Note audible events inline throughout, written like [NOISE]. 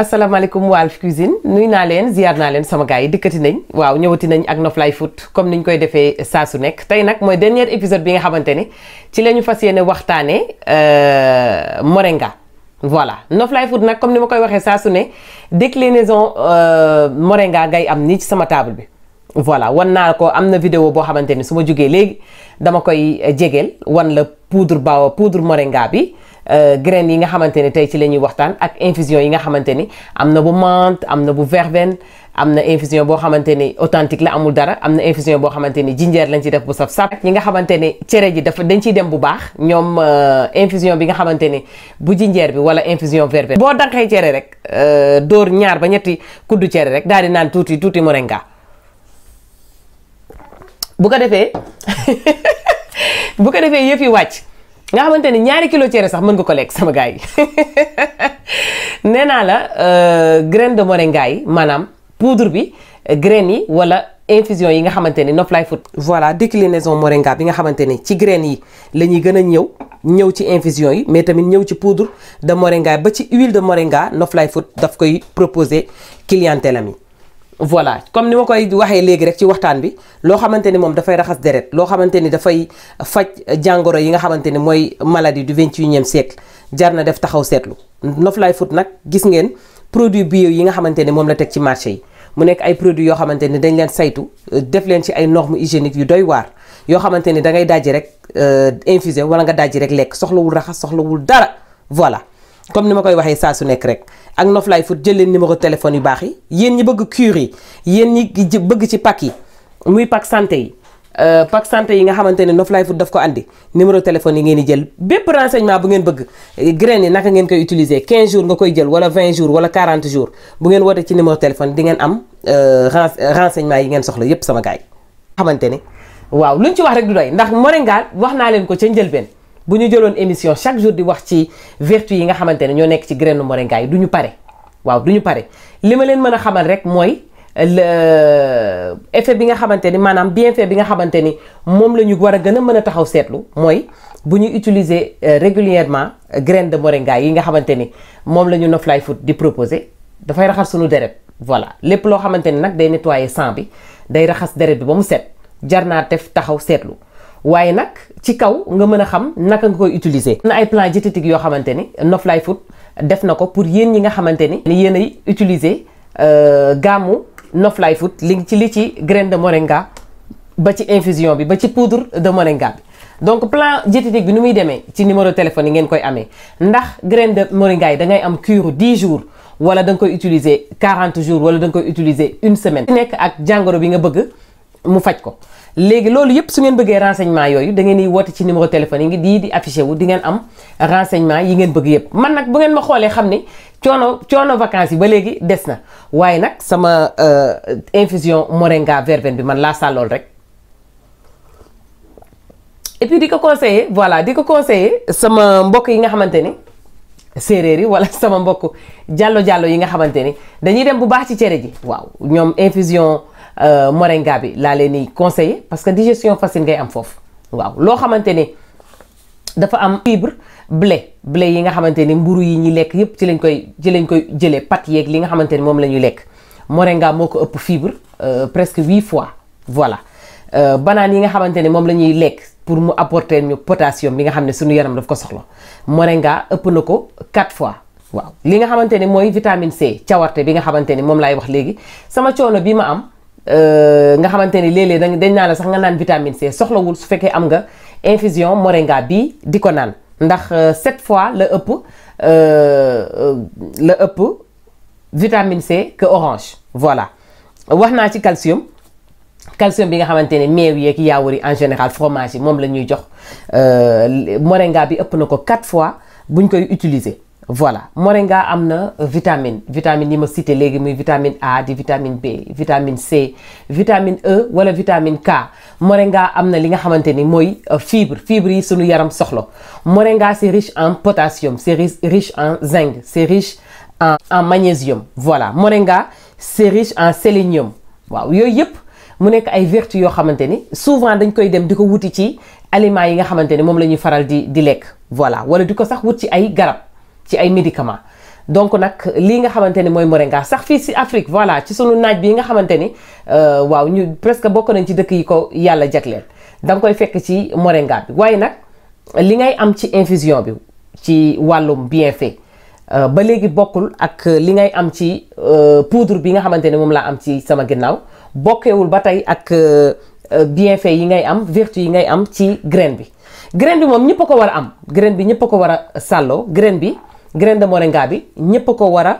asalaamaaleykum waa Alphie nuyu naa leen ziar naa leen sama gaa yi dikkati nañ waaw ñëwati nañ ak Noflay Food comme ni ñu koy defee saa su nekk tey nag mooy dernier épisode bi nga xamante ne ci la ñu fas yéene waxtaanee euh, moringa. voilà Noflay Food nag comme ni ma koy waxee saa su ne déclinaison euh, moringa ngay am nii ci sama table bi. voilà wan naa ko am na vidéo boo xamante ni su ma jógee léegi dama koy eh, jegeel wan la poudre baawa poudre moringa bi euh, graines yi nga xamante ni tey ci la ñuy waxtaan ak infusion yi nga xamante ni am na bu menthe am na bu verveine am na infusion boo xamante ni authentique la amul dara am na infusion boo xamante ni jinjeer lañ ci def bu saf saf ñi nga xamante ni cere ji dafa dañ ciy dem bu baax ñoom euh, infusion bi nga xamante ni bu jinjeer bi wala infusion verveine boo daqee cere rek euh, dóor ñaar ba ñetti kuddu cere rek daal di naan tuuti tuuti moringa bu ko defee [LAUGHS] bu ko defee yëpp yi wàcc nga xamante ni ñaari kilo cere sax mën nga ko lekk sama gars yi [LAUGHS] nee naa la euh, graine de moringa yi maanaam poudre bi graine yi wala infusion yi nga xamante ni Noflay Food voilà déclinaison moringa bi nga xamante ni ci graine yi la ñuy gën a ñëw ñëw ci infusion yi mais tamit ñëw ci poudre de moringa ba ci huile de moringa Noflay Food daf koy proposer clientèle am yi voilà comme ni ma koy waxee léegi rek ci waxtaan bi loo xamante ni moom dafay raxas deret loo xamante ni dafay faj jàngoro yi nga xamante ni mooy maladie du vingt yu unième siècle jar na def taxaw seetlu Noflaay fut nag gis ngeen produit bio yi nga xamante ni moom la teg ci marché yi mu nekk ay produits yoo xamante ni dañ leen saytu def leen ci ay normes hygiéniques yu doy waar yoo xamante ni da ngay dajji rek euh, infusé wala nga dajji rek lekk soxlawul raxas soxlawul dara voilà comme ni ma koy waxee saa su nekk rek ak Noflaay Foot jël leen numéro téléphone yu baax yi yéen ñi bëgg cure yi yéen ñi bëgg ci pack yi muy pack santé yi euh, pack santé yi nga xamante ne Noflaay Foot daf ko andi numéro téléphone yi ngeen di jël bépp renseignement bu ngeen bëgg euh, graines yi naka ngeen koy utiliser 15 jours nga koy jël wala 20 jours wala 40 jours bu ngeen wootee ci numéro téléphone di ngeen am euh, renseignement yi ngeen soxla yépp sama gars yi xamante ne waaw luñ ci wax rek du doy ndax moringa wax naa leen ko ca njëlbeen bu ñu jëloon émission chaque jour di wax ci vertu yi nga xamante ne ñoo nekk ci graine moringa yi du ñu pare waaw du ñu pare li ma leen mën a xamal rek mooy le bi nga xamante ni maanaam bienfait bi nga xamante ni moom la ñu war a gën a mën a taxaw seetlu mooy bu ñu utiliser euh, régulièrement euh, graine de moringa yi nga xamante ni moom la ñu Noflay Food di proposer dafay raxas suñu deret voilà lépp loo xamante ni nag day nettoyer sang bi day raxas deret bi ba mu set jar naa def taxaw seetlu waaye nag ci kaw nga mën a xam naka nga koy utiliser. na ay plan diététique yoo xamante ni Noflay Food def na ko pour yéen ñi nga xamante ni. yéen ay utiliser euh, gaamu Noflay Food li nga ci li ci graine de moringa ba ci infusion bi ba ci poudre de moringa bi. donc plan diététique bi nu muy demee ci numéro téléphone yi ngeen koy amee ndax graine de moringa yi dangay am cure dix jours wala da nga koy utiliser 40 jours wala da nga utiliser une semaine. nekk ak jàngoro bi nga bëgg. mu faj ko léegi loolu yëpp su ngeen bëggee renseignement yooyu da ngeen di woote ci numéro téléphone yi ngi di di affiché wu di ngeen am renseignement yi ngeen bëgg yëpp man nag bu ngeen ma xoolee xam ni coono coono vacances yi ba léegi des na waaye nag sama euh, infusion moringa verveine bi man laa sàllool rek et di ko conseiller voilà di ko conseiller sama mbokk yi nga xamante ni séeréer yi wala [LAUGHS] sama mbokk jàllo jàllo yi nga xamante ni dañuy dem bu baax ci cere ji Euh, moringa bi laa leen conseil parce que digestion facile ngay am foofu waaw loo xamante ni dafa am fibre blé blé yi nga xamante ni mburu yi ñu lekk yépp ci lañ koy ci lañ koy jëlee pat yeeg li nga xamante ni moom la ñuy lekk moringa moo ko ëpp fibre euh, presque huit fois voilà euh, banaan yi nga xamante ni moom la ñuy lekk pour mu apporter ñu potassium bi nga xam ne suñu yaram daf ko soxla moringa ëpp na ko quatre fois waaw li nga xamante ni mooy vitamine C cawarte bi nga xamante ni moom laay wax léegi sama coono bi ma am Euh, nga xamante ni léeg-léeg dañ naa la sax nga naan vitamine C soxlawul su fekkee am nga infusion moringa bii di ko naan ndax euh, sept fois la ëpp euh, la ëpp vitamine C que orange voilà wax naa ci calcium calcium bi nga xamante ne meew yeeg yaawur yi en général fromage yi moom la ñuy jox moringa bi ëpp na ko quatre fois buñ koy utiliser voilà moringa am na vitamine vitamine yi ma cité léegi muy vitamine A di vitamine B vitamine C vitamine E wala vitamine K moringa am na li nga xamante ni mooy euh, fibre fibre yi sunu yaram soxla moringa c'est riche en potassium c'est riche en zinc c'est riche en en magnésium voilà moringa c'est riche en sélénium waaw yooyu yëpp mu nekk ay vertu yoo xamante ni souvent dañ koy dem di ko wuti ci aliments yi nga xamante ni moom la ñuy faral di di lekk voilà wala di ko sax wut ci ay garab. ci ay médicament donc nag lii nga xamante ni mooy moringa sax fii si Afrique voilà ci sunu naaj bii nga xamante ni euh, waaw ñu presque bokk nañ ci dëkk yi ko yàlla jagleel da nga koy fekk ci moringa bi waaye nag li ngay am ci infusion bi ci wàllum bienfait euh, ba léegi bokkul ak li ngay am ci euh, poudre bi nga xamante ni moom laa am ci sama ginnaaw bokkewul ba tey ak fait yi ngay am vertu yi ngay am ci graine bi graine bi moom ñëpp ko war a am graine bi ñëpp ko war a sàlloo graine bi graine de moringa bi ñëpp ko war a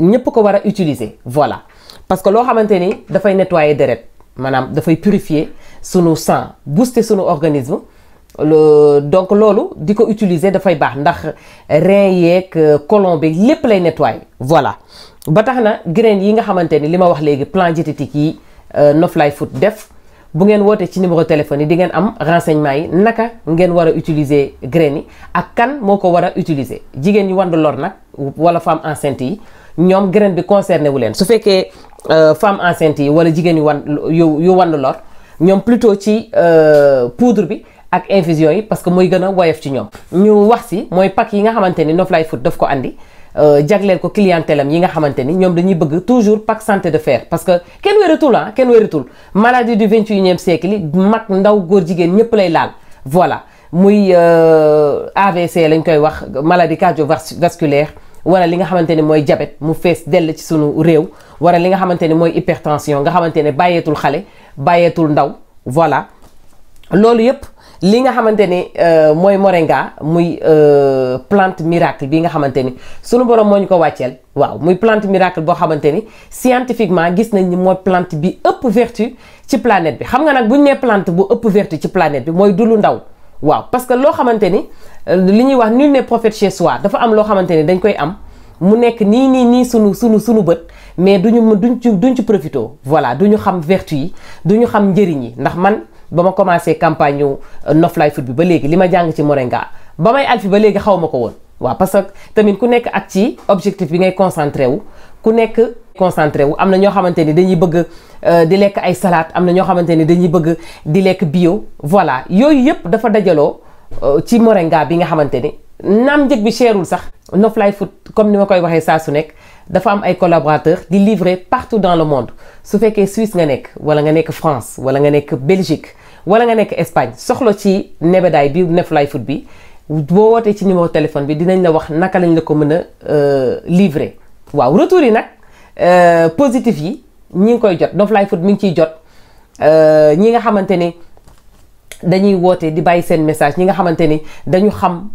ñëpp ko war a utiliser voilà parce que loo xamante ni dafay nettoyer deret maanaam dafay purifier sunu sang booster sunu organisme donc loolu di ko utiliser dafay baax ndax rein yeeg euh, colon bi lépp lay nettoyer voilà ba tax na graine yi nga xamante ni li ma wax léegi plan diététique yi euh, Noflay Food def bu ngeen wootee ci numéro téléphone yi di ngeen am renseignement yi naka ngeen war a utiliser graines yi ak kan moo ko war a utiliser jigéen ñu wandu lor nag wala femme enceinte yi ñoom graine bi concerné wu leen su fekkee euh, femme enceinte yi wala jigéen yu wan yu yu wandu lor ñoom pluto ci euh, poudre bi ak infuses yooyu parce que mooy gën a woyof ci ñoom. ñu wax si mooy pack yi nga xamante ni Noflay Food daf ko andi euh, jagleel ko clientèle am yi nga xamante ni ñoom dañuy bëgg toujours pack santé de fer parce que kenn wératul ah kenn wératul maladie du vingt et unième siècle yi mag ndaw góor jigéen ñëpp lay laal voilà. muy euh, AVC lañ koy wax maladie cardiovasculaire wala li nga xamante ne mooy jabet mu fees dell ci sunu réew wala li nga xamante ne mooy hypertension nga xamante ne bàyyeetul xale bàyyeetul ndaw voilà li nga xamante ni euh, mooy moringa muy euh, plante miracle bi nga xamante ni sunu borom moo ñu ko wàcceel waaw muy plante miracle boo xamante ni scientifiquement gis nañ ni mooy plante bi ëpp vertu ci planète bi xam nga nag bu ñu nee plante bu ëpp vertu ci planète bi mooy du lu ndaw waaw parce que loo xamante ni euh, li ñuy wax nul n'est prophète chez soi dafa am loo xamante ni dañ koy am mu nekk nii nii nii sunu sunu sunu bët mais du ñu ci duñ ci profité voilà du ñu xam vertu yi du ñu xam njëriñ yi ndax man. ba ma commencé campagne ñu euh, noflaay foot bi ba léegi li ma jàng ci Moringa ba may alfi ba léegi xaw ma ko woon waaw parce que tamit ku nekk ak ci objectif bi ngay concentré wu ku nekk concentré wu am na ñoo xamante ni dañuy bëgg euh, di lekk ay salaat am na ñoo xamante ni dañuy bëgg di lekk bio voilà yooyu yëpp dafa dajaloo euh, ci Moringa bi nga xamante ni naam njëg bi cherul sax noflaay foot comme ni ma koy waxee saa su nekk dafa am ay collaborateur di livrer partout dans le monde su fekkee Suisse nga nekk wala nga nekk France wala nga nekk Belgique wala nga nekk Espagne soxla ci nebedaay bi Neflaay Food bi boo wootee ci numéro téléphone bi dinañ la wax naka lañ la ko mën a euh, livrer. waaw retour yi nag euh, positif yi ñi ngi koy jot Neflaay Food mi ngi ciy jot euh, ñi nga xamante ni dañuy woote di bàyyi seen message ñi nga xamante ni dañu xam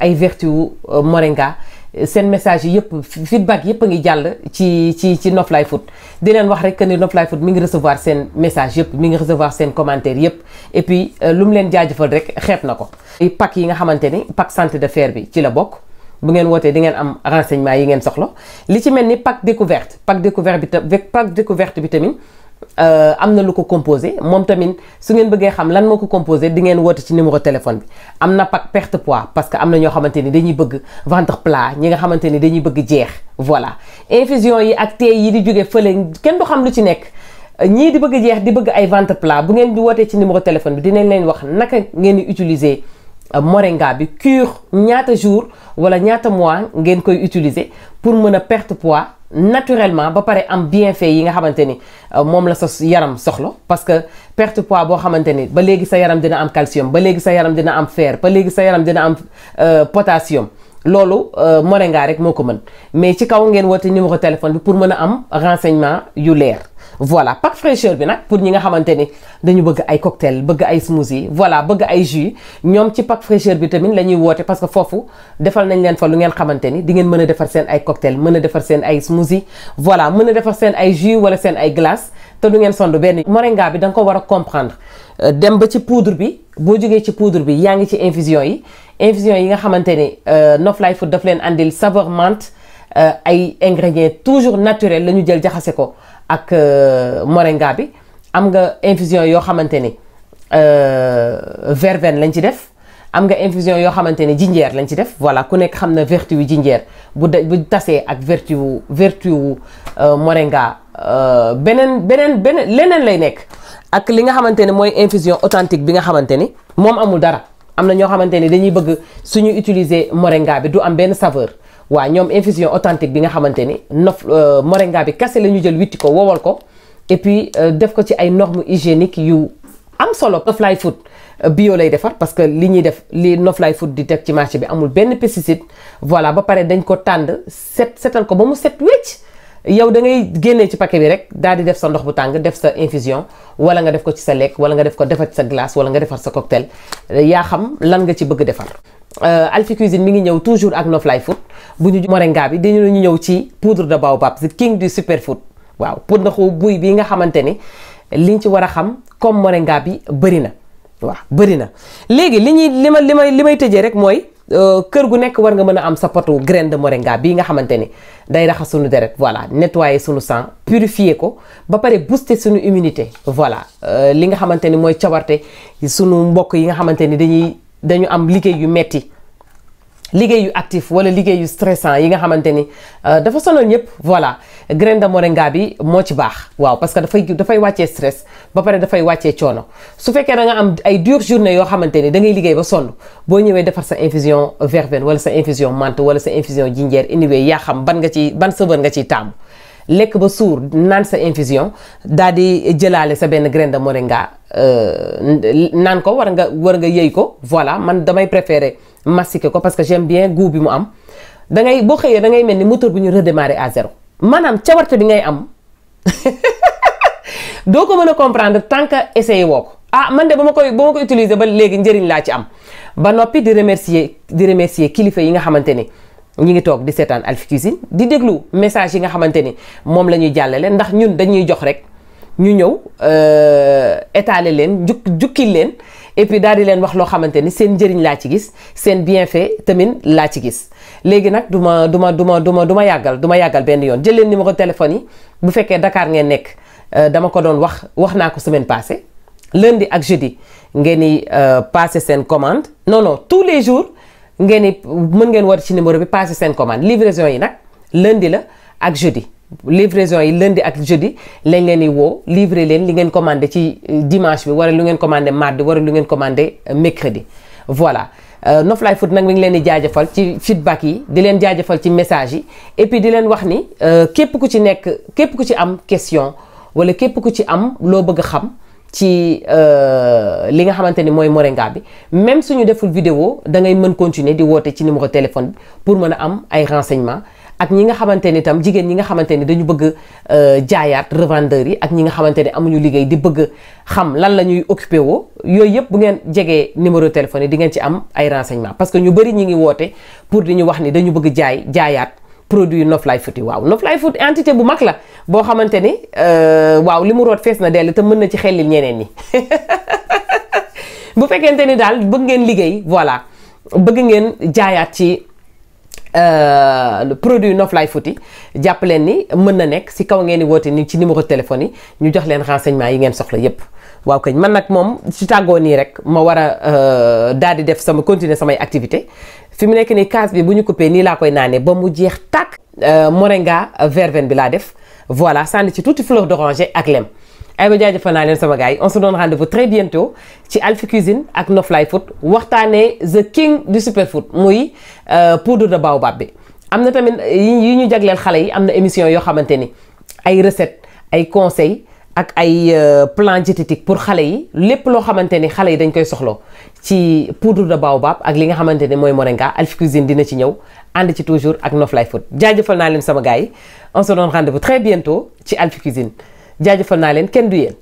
ay vertu moringa. seen message yi yëpp feedback yëpp a ngi jàll ci ci ci Noflay Foot di leen wax rek que ni Noflay Foot mi ngi recevoir seen message yëpp mi ngi recevoir seen commentaire yëpp et puis euh, lu mu leen jaajëfal rek xeet na ko. pack yi nga xamante ni pack santé de fer bi ci la bokk bu ngeen wootee di ngeen am renseignement yi ngeen soxla li ci mel ni pack découverte pack découverte bi pack découverte bi tamit. Euh, am na lu ko composé moom tamit su ngeen bëggee xam lan moo ko composé di ngeen woote ci numéro téléphone bi am na pack perte pois parce que am na ñoo xamante ni dañuy bëgg ventre plat ñi nga xamante ni dañuy bëgg jeex voilà infusion yi ak tey yi di jóge fële kenn du xam lu ci nekk ñii di bëgg jeex di bëgg ay ventre plat bu ngeen di wootee ci numéro téléphone bi dinañ leen wax naka ngeen utiliser euh, moringa bi cure ñaata jour wala ñaata mois ngeen koy utiliser pour mën a perte pois naturellement ba pare am bien bienfait yi nga xamante ni euh, moom la sa yaram soxla parce que perte pois boo xamante ni ba léegi sa yaram dina am calcium ba léegi sa yaram dina am fer ba léegi sa yaram dina am euh, potassium loolu euh, moringa rek moo ko mën mais ci kaw ngeen woote numéro téléphone bi pour mën a am renseignement yu leer. voilà pack fraîcheur bi nag pour ñi nga xamante ni dañu bëgg ay cocktail bëgg ay smoothie voilà bëgg ay jus ñoom ci pack fraîcheur bi tamit la ñuy woote parce que foofu defal nañ leen fa lu ngeen xamante ni di ngeen mën a defar seen ay cocktail mën a defar seen ay smoothie voilà mën a defar seen ay jus wala seen ay glace te du ngeen sondu benn moringa bi da ko war a comprendre euh, dem ba ci poudre bi boo jugee ci poudre bi yaa ngi ci infusion yi infusion yi nga xamante ni euh, Noflay Food daf leen andil saveur menthe euh, ay ingrédients toujours naturels la ñu jël jaxase ko ak euh, moringa bi am nga infusion yoo xamante ni euh, verveine lañ ci def am nga infusion yoo xamante ni jinjeer lañ ci def voilà ku nekk xam na vertu yu jinjeer bu de bu tasee ak vertu wu vertu wu euh, moringa beneen beneen beneen leneen lay nekk ak li nga xamante ne mooy infusion authentique bi nga xamante ni moom amul dara am na ñoo xamante ni dañuy bëgg suñu utiliser moringa bi du am benn saveur waaw ñoom infusion authentique bi nga xamante ni nof euh, moringa bi kase la ñu jël witti ko wowal ko et puis euh, def ko ci ay normes hygiéniques yu am solo Noflay Food euh, bio lay defar parce que li ñuy def li Noflay Food di teg ci marché bi amul benn pesticide voilà ba pare dañ ko tànd set setal ko ba mu set wecc yow da ngay génnee ci paquet bi rek daal di def sa ndox bu tàng def sa infusion wala nga def ko ci sa lekk wala nga def ko defar sa glace wala nga defar sa cocktail yaa xam lan nga ci bëgg defar Euh, Alphie Cuisine mi ngi ñëw toujours ak Noflay Food bu ñu moringa bi dinañu ñu ñëw ci poudre de baobab the king du superfood waaw pour na ko buy bi nga xamante ni li liñ ci war a xam comme moringa bi bëri na waaw bëri na léegi li ñuy li ma li may li may tëjee rek mooy euh, kër gu nekk war nga mën a am sa potu graine de moringa bii nga xamante ni day raxas suñu deret voilà nettoyer suñu sang purifier ko ba pare booster suñu immunité voilà euh, li nga xamante ni mooy cawarte sunu mbokk yi nga xamante ni dañu am liggéey yu metti liggéey yu actif wala liggéey yu stressant yi nga xamante ni euh, dafa sonal ñëpp voilà graine de moringa bi moo ci baax waaw parce que dafay dafay wàcce stress ba pare dafay wàccee coono su fekkee na nga am ay dures journée yoo xamante ni da ngay liggéey ba sonn boo ñëwee defar sa infusion verveine wala sa infusion menthe wala sa infusion jinjeer anyway yaa xam ban nga ci ban saveur nga ciy taamu. lekk ba suur naan sa infusion daal di jëlaale sa benn graine de moringa euh, naan ko war nga war nga yëy ko voilà man damay préférer mastiquer ko parce que j'aime bien goût bi mu am dangay boo xëyee da ngay mel ni moteur bu ñu redémarrer à zéro ca cawarte bi ngay am [LAUGHS] doo ko mën a comprendre tant que essayer woo ko ah man de ba ma koy ba ma ko utiliser ba léegi njëriñ laa ci am ba noppi di remercier di remercier kilifa yi nga xamante ni ñi ngi toog di seetaan Alphie Cuisine di déglu message yi nga xamante ni moom la ñuy jàllale ndax ñun dañuy jox rek ñu ñëw euh, étaler leen juk jukki leen et puis daal di leen wax loo xamante ni seen njëriñ laa ci gis seen bien bienfait tamit laa ci gis léegi nag du ma du ma du ma du ma du ma yàggal du ma yàggal benn yoon jël leen numéro téléphone yi bu fekkee Dakar ngeen nekk euh, dama ko doon wax wax naa ko semaine passée lundi ak jeudi ngeen di euh, passé seen commande non les jours. ngeen mën ngeen woote ci numéro bi passé seen commande livraison yi nag lëndi la ak jeudi livraison yi lëndi ak jeudi lañ leen di woo livre leen li ngeen commandé ci euh, dimanche bi wala lu ngeen commandé mardi wala lu ngeen commandé euh, mercredi voilà euh, Noflaay Food nag mi ngi leen di jaajëfal ci feedback yi di leen jaajëfal ci message yi et di leen wax ni képp ku ci nekk képp ku ci am question wala képp ku ci am loo bëgg a xam ci euh, li nga xamante ni mooy Moringa bi même suñu deful vidéo da ngay mën continuer di woote ci numéro téléphone bi pour mën a am ay renseignements ak ñi nga xamante ni tam jigéen ñi nga xamante ni dañu bëgg euh, jaayaat revendeurs yi ak ñi nga xamante ni amuñu liggéey di bëgg xam lan la ñuy occupé woo yooyu yëpp bu ngeen jegee numéro téléphone yi di ngeen ci am ay renseignements parce que ñu bëri ñi ngi woote pour di ñu wax ni dañu bëgg jaay jaayaat. produit Noflay Food yi waaw Noflay Food entité bu mag la boo xamante ni euh, waaw li mu root fees na dell te mën na ci xellil ñeneen ñi [LAUGHS] bu fekkente ni daal bëgg ngeen liggéey voilà bëgg ngeen jaayaat ci euh, produit Noflay Food yi jàpp leen ni mën na nekk si kaw ngeen ni wootee ni ci numéro téléphone yi ñu jox leen renseignement yi ngeen soxla yépp waaw kañ man nag moom ci tàggoo nii rek ma war a euh, daal di def sama continuer samay activité fi mu nekk ni kaas bi bu ñu coupé nii laa koy naanee ba mu jeex tàkk. Euh, moringa verveine bi laa def voilà sànni ci tuuti fleur d'oranger ak lem ay ba jaajëfal naa leen sama gars yi on se donne rendez-vous très bientôt ci Alphie Cuisine ak Noflay Food waxtaanee the king du superfood muy euh, poudre de baobab bi. am na tamit euh, yi ñu jagleel xale yi am na émission yoo xamante ni ay recettes ay conseil ak ay euh, plan diététique pour xale yi lépp loo xamante ni xale yi dañ koy soxlo ci poudre de baobab ak li nga xamante ne mooy moringa Alphie Cuisine dina ci ñëw ànd ci toujours ak Noflay Food jaajëfal naa leen sama gaay yi on se donne rendez très bientôt ci Alphie Cuisine jaajëfal naa leen kenn du yéen.